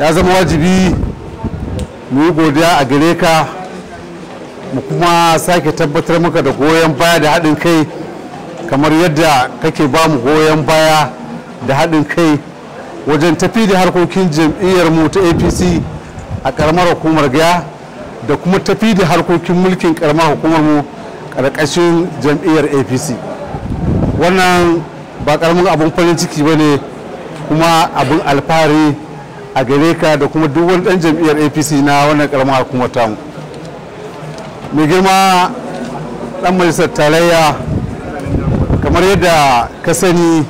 ya zama wajibi mu yi godiya a gare ka mu kuma sake tabbatar maka da goyon baya da haɗin kai kamar yadda kake ba mu goyon baya da haɗin kai wajen tafi da harkokin jam'iyyar mu ta apc a ƙaramar hukumar gaya da kuma tafi da harkokin mulkin ƙaramar hukumar mu ƙarƙashin jam'iyyar apc wannan ba ƙaramin abin farin ciki ba ne kuma abin alfahari a gare ka da kuma duk wani dan jam'iyyar apc na wannan karamar hukumar tamu mai girma dan majalisar tarayya kamar yadda ka sani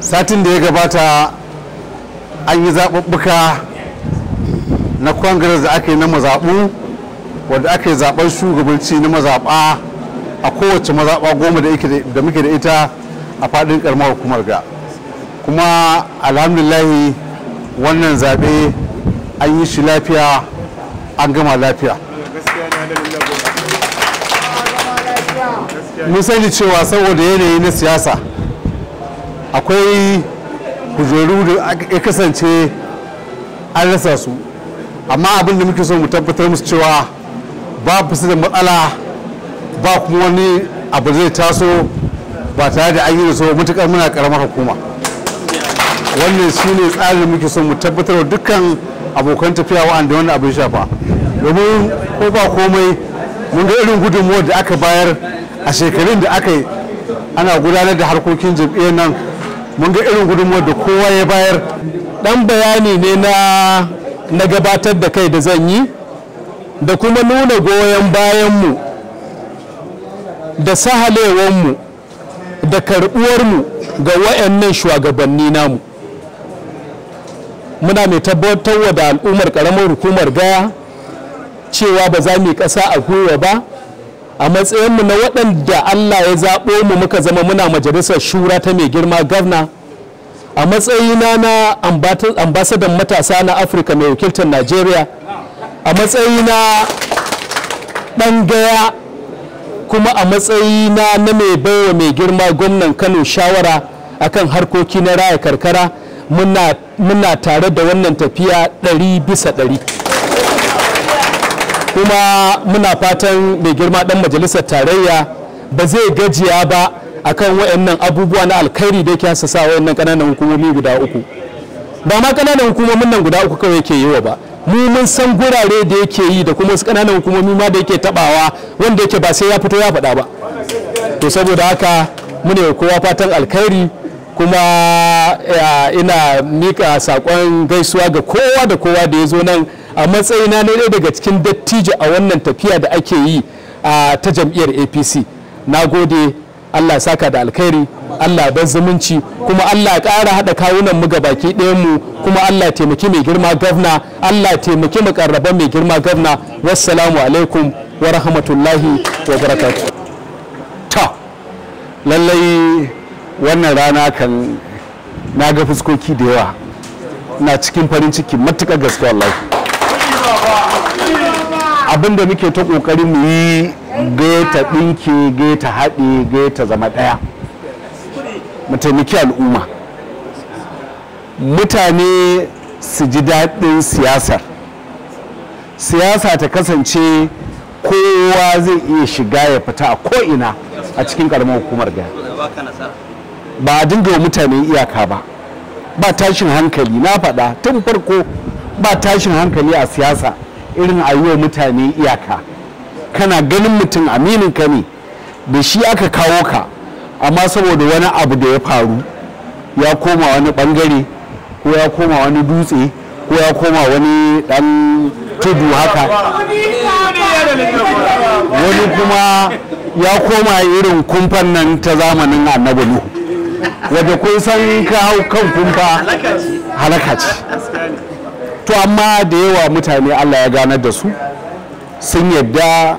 satin da ya gabata an yi zaɓuɓɓuka na kwangar da aka na mazaɓu wadda ake zaɓar shugabanci na mazaɓa a kowace mazaɓa goma da muke da ita a faɗin ƙarmar hukumar ga kuma alhamdullahi wannan zaɓe an yi shi lafiya an gama lafiya mun sani cewa saboda yanayi na siyasa akwai kujeru da ya kasance an rasa su amma abin da muke so mu tabbatar musu cewa ba su da matsala ba kuma wani abu zai taso ba tare da an yi da so mutukar muna karamar hukuma wannan su ne tsarin muke son mu tabbatar da dukkan abokan tafiya wa'anda wannan abin shafa domin ko ba komai mun ga irin gudunmuwar da aka bayar a shekarun da aka yi ana gudanar da harkokin jam'iyyar nan mun ga irin gudunmuwar da kowa ya bayar dan bayani ne na na gabatar da kai da zan yi da kuma nuna goyon bayanmu da sahalewar mu da mu ga wayannan shugabanni namu muna mai wa da al'ummar karamar hukumar gaya cewa ba za mu yi ƙasa a gwiwa ba a mu na waɗanda allah ya zaɓo mu muka zama muna majalisar shura ta mai girma gavna a matsayina na ambasadan matasa na afirka mai wakiltar najeriya a matsayina ɗan gaya kuma a matsayina na mai baiwa mai girma gwamnan kano shawara akan harkoki na raya karkara muna tare da wannan tafiya ɗari bisa ɗari kuma muna fatan mai girma ɗan majalisar tarayya ba zai gajiya ba akan wayannan abubuwa na alkhairi da yake hasasa wayannan kananan hukumomi guda uku ba ma ƙananan hukumomin nan guda uku kawai yake yi wa ba mu mun san gurare da yake yi da kuma wasu ƙananan hukumomi ma da yake tabawa wanda yake ba sai ya fito ya faɗa ba to saboda haka mune kowa fatan alkhairi kuma ina mika sakon gaisuwa ga kowa da kowa da ya zo nan a matsayina na ɗaya daga cikin dattijo a wannan tafiya da ake yi ta jam'iyyar apc na gode allah saka da alkhairi allah ban zumunci kuma allah ƙara haɗa kawunan mu baki mu kuma allah taimaki mai girma gafna allah taimaki makaraba mai girma gafna wassalamu alaikum wa rahmatullahi wa barakatuh wannan rana kan na ga fuskoki da yawa na cikin farin ciki matuƙar gaske wallahi abin da muke ta ƙoƙarin mu yi gaita ɗinke gaita haɗe gaita zama ɗaya mu taimaki al'umma mutane su ji daɗin siyasar siyasa ta kasance kowa zai iya shiga ya fita a ko'ina a cikin ƙaramar hukumar gaya ba a dinga wa mutane iyaka ba ba tashin hankali na faɗa tun farko ba tashin hankali a siyasa irin a yi wa mutane iyaka kana ganin mutum aminin ka ne da shi aka kawo ka amma saboda wani abu da ya faru ya koma wani bangare ko ya koma wani dutse ko ya koma wani dan tudu haka wani kuma ya koma irin kumfan nan ta zamanin annabi nuhu wadda kun san ka hau kan kumfa halaka ce to amma da yawa mutane allah ya ganar da su sun yadda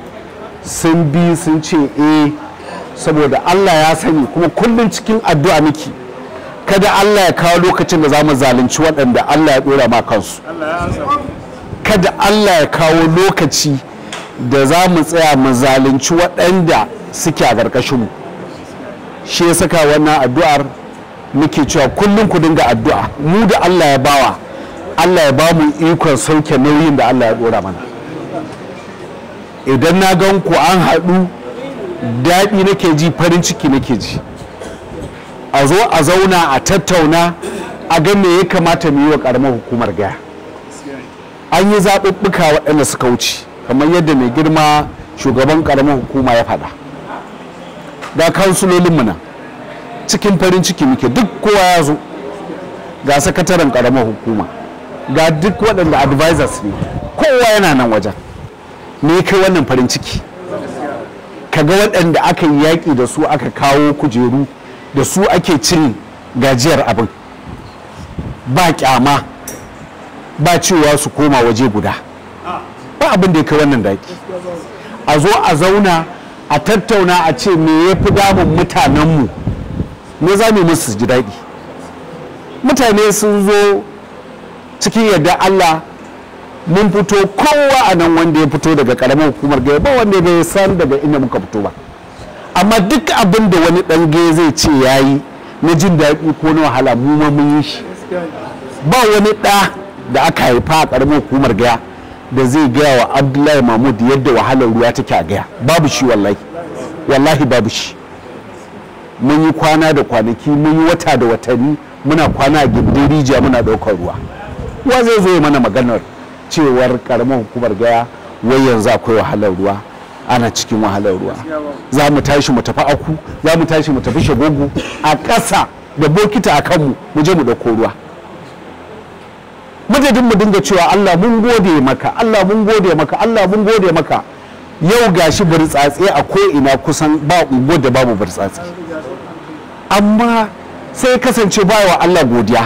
sun bi sun ce eh saboda allah ya sani kuma kullum cikin addu'a miki kada allah ya kawo lokacin da za mu zalunci waɗanda allah ya ɗora ma kansu kada allah ya kawo lokaci da za mu tsaya mu zalunci waɗanda suke a ƙarƙashinmu shi ya saka wannan addu'ar muke cewa kullum ku dinga addu'a mu da Allah ya bawa Allah ya ba mu ikon sauke nauyin da Allah ya dora mana idan na gan ku an haɗu daɗi nake ji farin ciki nake ji a zo a zauna a tattauna a ga me ya kamata mu yi wa ƙaramar hukumar gaya an yi zaɓuɓɓuka waɗanda suka wuce kamar yadda mai girma shugaban ƙaramar hukuma ya faɗa ga kansulolinmu na cikin farin ciki muke duk kowa ya zo ga sakataren karamar hukuma ga duk waɗanda advisors ne kowa yana nan wajen me kai wannan farin ciki kaga waɗanda aka yi yaƙi da su aka kawo kujeru da su ake cin gajiyar abin ba kyama ba cewa su koma waje guda ba abin da ya kai wannan daki a zo a zauna a tattauna a ce me ya fi damun mutanenmu me za mu musu ji daɗi mutane sun zo cikin yadda Allah mun fito kowa a nan wanda ya fito daga ƙaramin hukumar gaya ba wanda bai san daga inda muka fito ba amma duk abin da wani ɗan zai ce ya yi na jin daɗi ko na wahala mu ma mun yi shi ba wani ɗa da aka haifa a ƙaramin hukumar gaya da zai gaya wa abdullahi mahmud yadda wahalar ruwa take a gaya babu shi wallahi wallahi babu shi mun yi kwana da kwanaki mun yi wata da watanni muna kwana a gindin rijiya muna ɗaukar ruwa wa zai zo mana maganar cewar karamar hukumar gaya wai yanzu akwai wahalar ruwa ana cikin wahalar ruwa za mu tashi mu tafi aku za mu tashi mu tafi shagogu a ƙasa da bokita a kanmu mu je mu ɗauko ruwa madadin mu dinga cewa Allah mun gode maka Allah mun gode maka Allah mun gode maka yau gashi burtsatse a ko ina kusan ba ungo da babu burtsatse amma sai kasance ba wa Allah godiya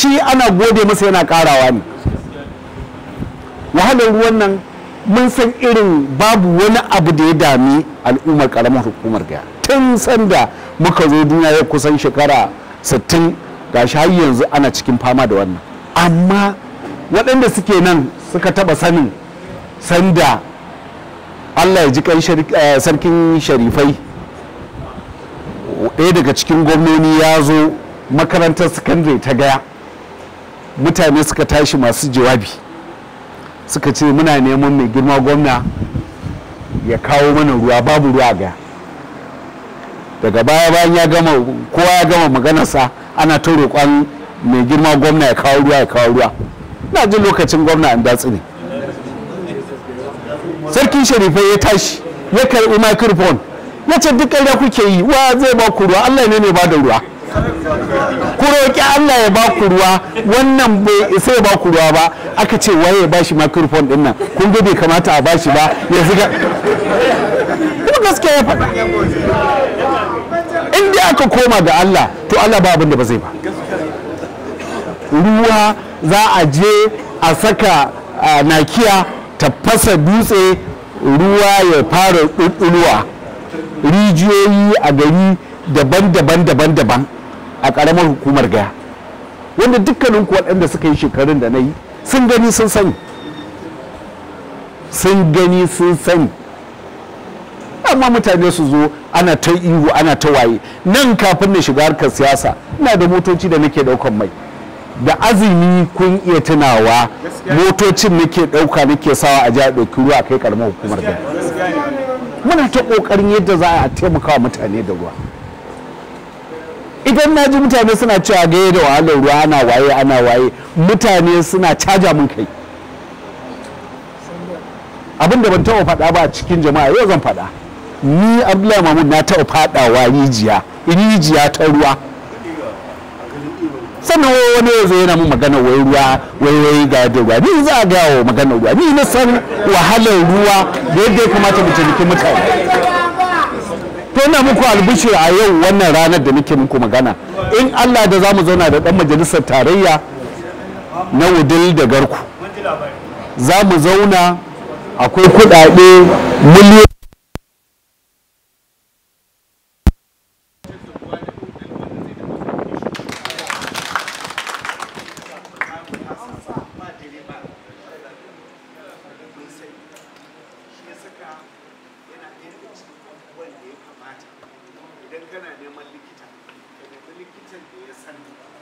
shi ana gode masa yana karawa ne wahalar ruwan nan mun san irin babu wani abu da ya dame al'ummar karamar hukumar gaya tun sanda muka zo duniya ya kusan shekara 60 gashi har yanzu ana cikin fama da wannan amma waɗanda suke nan suka taɓa sanin sanda allah ya ji kan eh, sarkin sharifai ɗaya daga cikin gwamnoni ya zo makarantar sakandare ta gaya mutane suka tashi masu jawabi suka ce muna neman mai girma gwamna ya kawo mana ruwa babu ruwa ga daga baya bayan ya gama kowa ya gama maganarsa ana ta roƙon mai girma gwamna ya kawo ruwa ya kawo ruwa na jin lokacin gwamna an datsi ne sarkin sharifai ya tashi ya karɓi microphone ya ce duk ƙarya kuke yi wa zai ba ku ruwa allah ne mai ba da ruwa ku roƙi allah ya ba ku ruwa wannan bai sai ba ku ruwa ba aka ce waye ya bashi microphone din nan kun ga bai kamata a bashi ba ya ziga ko gaske ya faɗa in dai aka koma ga allah to allah ba abin da ba zai ba ruwa za a je a saka nakiya ta fasa dutse ruwa ya fara ɗuɗɗuruwa rijiyoyi a gari daban-daban daban-daban a ƙaramar hukumar gaya wanda dukkanin waɗanda suka yi shekarun da na yi sun gani sun sani sun gani sun sani amma mutane su zo ana ta ihu ana ta waye nan kafin na shiga harkar siyasa ina da motoci da nake ɗaukan mai da azumi kun iya tunawa motocin nake ɗauka nake sawa a jihar ɗauki ruwa kai karamar hukumar da. muna ta ƙoƙarin yadda za a taimaka mutane da ruwa idan na ji mutane suna cewa gaya da wahalar ruwa ana waye ana waye mutane suna caja mun kai abin da ban taɓa faɗa ba a cikin jama'a yau zan faɗa ni abdullahi mahmud na taɓa faɗawa rijiya rijiya ta ruwa sannan wani ya zo yana mu magana wai ruwa wai wai ga da ruwa ni za a gaya magana ruwa ni na san wahalar ruwa da yadda ya kamata mu taimaki mutane to ina muku albishi a yau wannan ranar da nake muku magana in Allah da zamu zauna da dan majalisar tarayya na wudil da garku za mu zauna akwai kuɗaɗe miliyan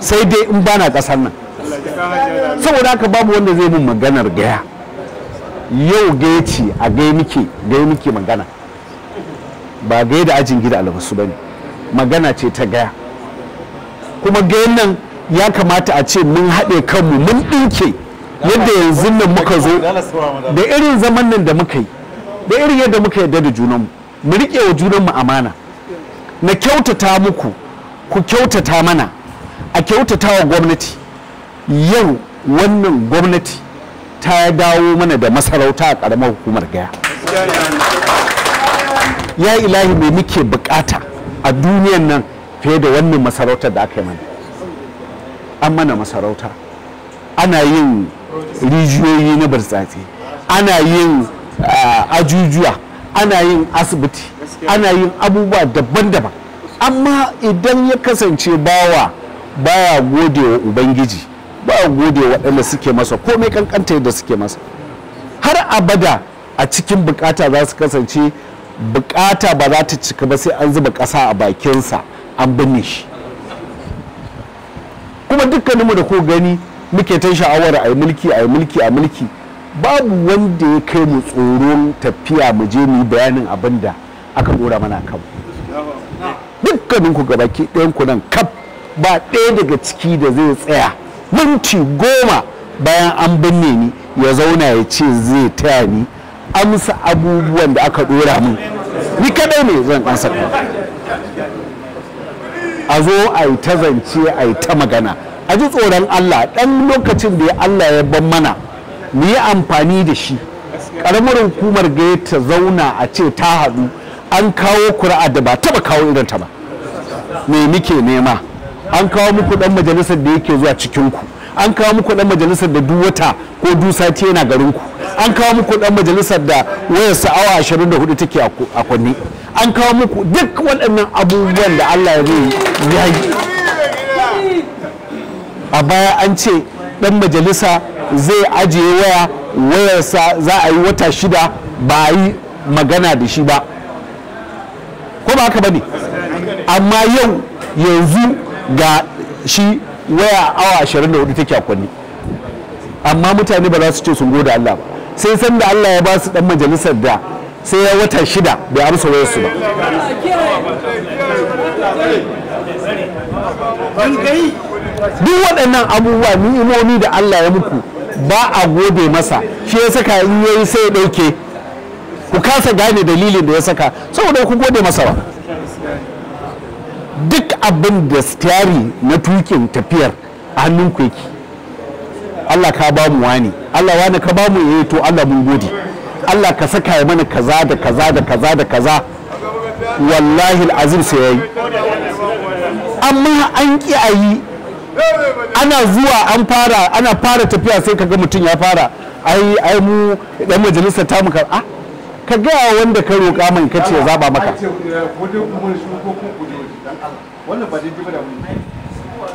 sai dai in bana kasar nan saboda haka babu wanda zai min maganar gaya yau gaya ce a gai muke gai muke magana ba gai da ajin gida albasu ba ne magana ce ta gaya kuma gayan nan ya kamata a ce mun haɗe kanmu mun ɗinke yadda yanzu nan muka zo da irin zaman nan da muka yi da irin yadda muka yadda da junanmu mu riƙe wa junanmu amana na kyautata muku ku kyautata mana a kyautata wa gwamnati yau wannan gwamnati ta dawo mana da masarauta a ƙaramar hukumar gaya ya ilahi mai muke bukata a duniyan nan fiye da wannan masarautar da aka yi mana an mana masarauta ana yin rijiyoyi na birtsatsi ana yin eh, ajujuwa ana yin asibiti ana yin abubuwa daban-daban amma idan ya kasance bawa baya gode wa ubangiji a gode wa waɗanda suke masa komai kankanta da suke masa har abada a cikin bukata za su kasance bukata ba za ta cika ba sai an zuba ƙasa a bakinsa an binne shi kuma dukkaninmu da ko gani muke ta sha'awar a yi mulki a yi mulki a mulki babu wanda ya kai mu tsoron tafiya mu je mu bayanin abin da aka dora mana kan dukkanin ku gabaki ɗayan ku nan kaf ba ɗaya daga ciki da zai tsaya minti goma bayan an binne ni ya zauna ya ce zai taya ni amsa abubuwan da aka ɗora min ni kadai ne zan ansa a zo a yi ta zance a yi ta magana a ji tsoron allah ɗan lokacin da ya allah ya ban mana mu yi amfani da shi ƙaramar hukumar gaya ta zauna a ce ta haɗu an kawo kura'a da ba taɓa kawo irin ta ba me muke nema an kawo muku dan majalisar da yake zuwa cikin ku an kawo muku dan majalisar da duwata ko duk yana garin ku an kawo muku dan majalisar da wayar awa 24 take a kwanni an kawo muku duk waɗannan abubuwan da Allah ya zai yi a baya an ce dan majalisa zai ajiye waya wayarsa za a yi wata shida ba a yi magana da shi ba ko ba haka ba ne amma yau yanzu ga shi waya awa 24 take a kwanne amma mutane ba za su ce sun goda Allah ba sai san da Allah ya ba su dan majalisar da sai ya wata shida bai amsa wayar su ba duk waɗannan abubuwa ni'imomi da Allah ya muku ba a gode masa shi ya saka in yayi sai ya ɗauke ku kasa gane dalilin da ya saka saboda ku gode masa ba duk abin da stari na tukin tafiyar a hannun ku yake Allah ka ba mu wani Allah wani ka ba mu yi eh, to Allah mun gode Allah ka saka ya mana kaza da kaza da kaza da kaza wallahi azim sai yayi amma an ki a yi ana zuwa an fara ana fara tafiya sai kaga mutum ya fara ai ai mu dan majalisar ta mu ah ka gaya wanda ka roƙa min kace ya zaba maka wannan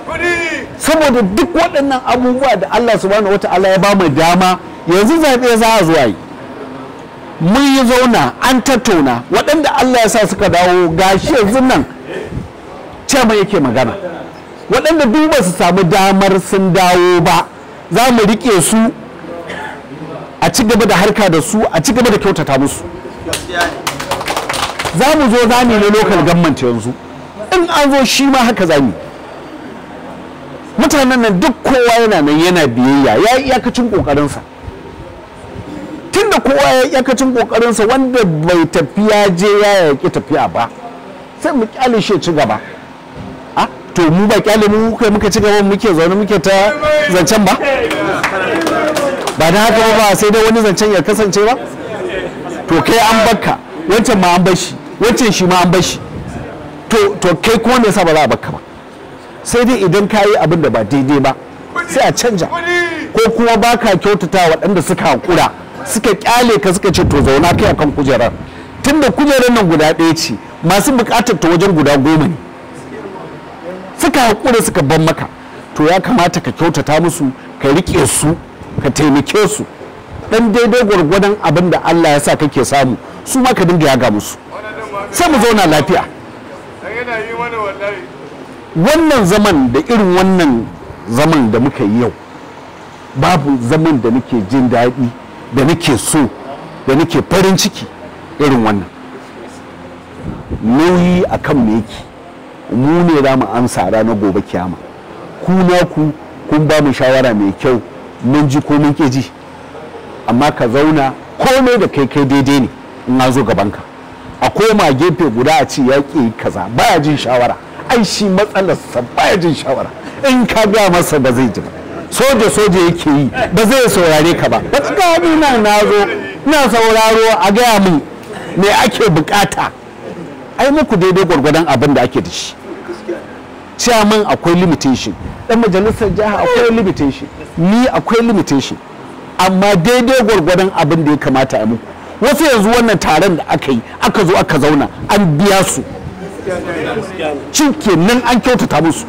da saboda duk waɗannan abubuwa da Allah su subhanahu wata'ala ya ba mai dama yanzu zaɓe za a zuwa yi mun yi zauna an tattauna waɗanda Allah ya sa suka dawo gashi yanzu nan ce mai yake magana waɗanda duk ba su samu damar sun dawo ba za mu riƙe su a ci gaba da harka da su a ci gaba da kyautata musu za mu zo za na ne local government yanzu in an zo shi ma haka zami mutanen nan duk kowa yana nan yana biyayya ya yi iyakacin ƙoƙarinsa tun da kowa ya yi iyakacin ƙoƙarinsa wanda bai tafiya je ya yaƙi tafiya ba sai mu kyale shi ci gaba a to mu ba kyale mu kai muka ci gaba muke zaune muke ta zancen ba ba da haka ba sai dai wani zancen ya kasance ba to kai an bakka wancan ma an bashi wancan shi ma an bashi to kai kuma me yasa ba za a baka ba sai dai idan ka yi abin da ba daidai ba sai a canja ko kuma ba ka kyautata waɗanda suka haƙura suka ƙyale ka suka ce to zauna kai akan kujerar tunda kujerar nan guda ɗaya ce masu buƙatar ta wajen guda goma ne suka haƙura suka ban maka to ya kamata ka kyautata musu ka riƙe su ka taimake su ɗan daidai gwargwadon abin da Allah ya sa kake samu su ma ka dinga ya ga musu sai mu zauna lafiya wannan zaman da irin wannan zaman da muka yi yau babu zaman da nake jin daɗi da nake so da nake farin ciki irin wannan nauyi a kan me yake mu ne za mu amsa na gobe kiyama ku ku kun ba mu shawara mai kyau mun ji ko mun ji amma ka zauna komai da kai kai daidai ne in na zo gabanka a koma gefe guda a ce ya ke kaza baya jin shawara ai shi matsalarsa baya jin shawara in ka ga masa ba zai ji ba soja soja yake yi ba zai saurare ka ba ba cika na na zo na sauraro a gaya min me ake bukata ai muku daidai gwargwadon abin da ake da shi chairman akwai limitation dan majalisar jiha akwai limitation ni akwai limitation amma daidai gwargwadon abin da ya kamata a muku wasu yanzu wannan taron da aka yi aka zo aka zauna an biya su cin kenan an kyautata musu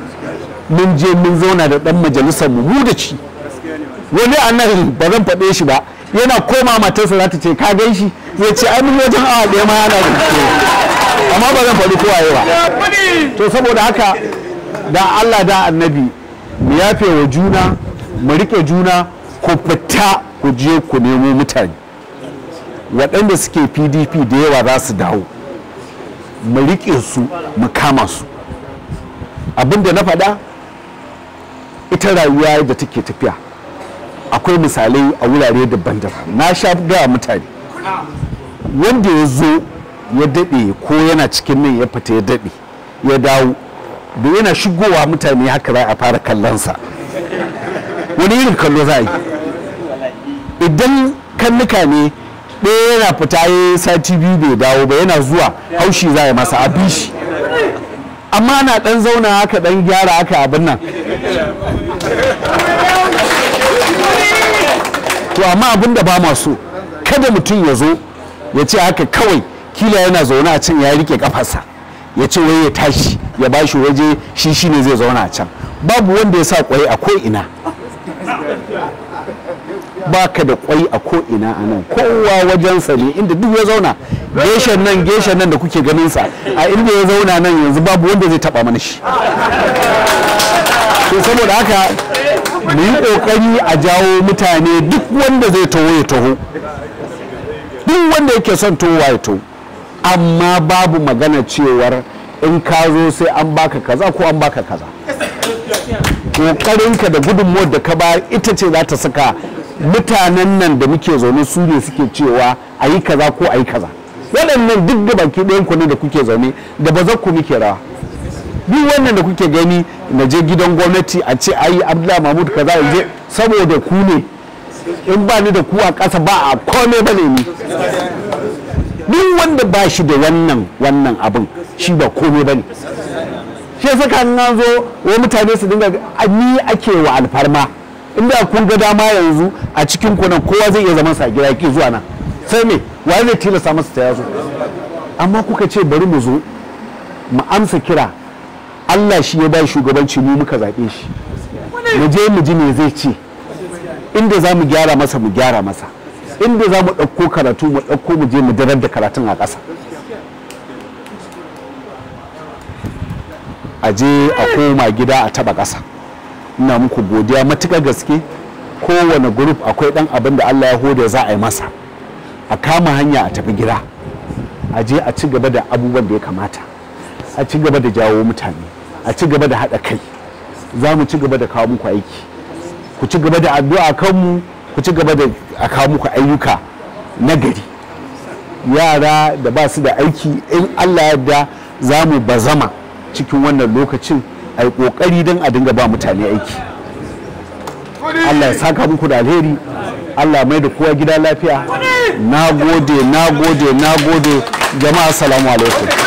mun je mun zauna da dan majalisar mu mu da ci wani a nan ba zan faɗe shi ba yana koma matarsa za ta ce ka gan shi zai ce ai mun wajen awa ɗaya ma yana rubuce amma ba zan faɗi kowaye ba to saboda haka da Allah da annabi mu yafe wa juna mu riƙe juna ku fita ku je ku nemo mutane waɗanda suke pdp da yawa za su dawo mu riƙe su mu kama su abinda na faɗa ita rayuwa da take tafiya akwai misalai a wurare daban-daban na sha gaya mutane wanda ya zo ya daɗe ko yana cikin nan ya fita ya daɗe ya dawo da yana shigowa mutane haka za a fara kallonsa wani irin kallo za a yi idan kannuka ne ɗaya yana fita ya sati biyu bai dawo ba yana zuwa haushi za a masa a shi amma na ɗan zauna haka ɗan gyara haka abin nan to amma abin da ba masu kada mutum ya zo ya ce haka kawai kila yana zaune a can ya rike kafarsa ya ce wai ya tashi ya ba shi waje shi shine zai zauna a can babu wanda ya sa kwai a ko ina baka da kwai a ko ina a nan kowa wajensa ne inda duk ya zauna geshen nan geshen nan da kuke ganin sa a inda ya zauna nan yanzu babu wanda zai taba mana shi to saboda haka mu yi kokari a jawo mutane duk wanda zai taho ya taho duk wanda yake son towa ya taho amma babu magana cewar in ka zo sai an baka kaza ko an baka kaza kokarinka da gudunmuwar da ka ba ita ce za ta saka mutanen nan da muke zaune su ne suke cewa a yi kaza ko a yi kaza waɗannan duk da baki ɗayan ku ne da kuke zaune da ba ku muke rawa duk wannan da kuke gani na je gidan gwamnati a ce ayi abdullahi mahmud kaza ya je saboda ku ne in ba ni da ku a ƙasa ba a kome ba ne ni duk wanda ba shi da wannan wannan abin shi ba kome ba ne shi saka nan zo wa mutane su dinga ni ake wa alfarma inda kun ga dama yanzu a cikin kunan kowa zai iya zaman sa gida ki zuwa nan sai me wai zai tilasta masa ta yazo amma kuka ce bari mu zo mu amsa kira Allah shi ya ba shugabanci mu muka zaɓe shi mu je mu ji me zai ce inda za mu gyara masa mu gyara masa inda za mu ɗauko karatu mu ɗauko mu je mu darar da karatun a ƙasa a je a koma gida a taɓa ƙasa ina muku godiya matuƙa gaske kowane group akwai ɗan abin da Allah ya hoda za a yi masa a kama hanya a tafi gida a je a ci gaba da abubuwan da ya kamata a ci gaba da jawo mutane a ci gaba da haɗa kai za mu ci gaba da kawo muku aiki ku ci gaba da addu'a kanmu ku ci gaba da a kawo muku ayyuka na gari yara da ba su da aiki in Allah yadda za mu bazama cikin wannan lokacin a yi ƙoƙari don a dinga ba mutane aiki allah ya saka muku da alheri allah mai da kowa gida lafiya na gode na gode na gode jama'a salamu alaikum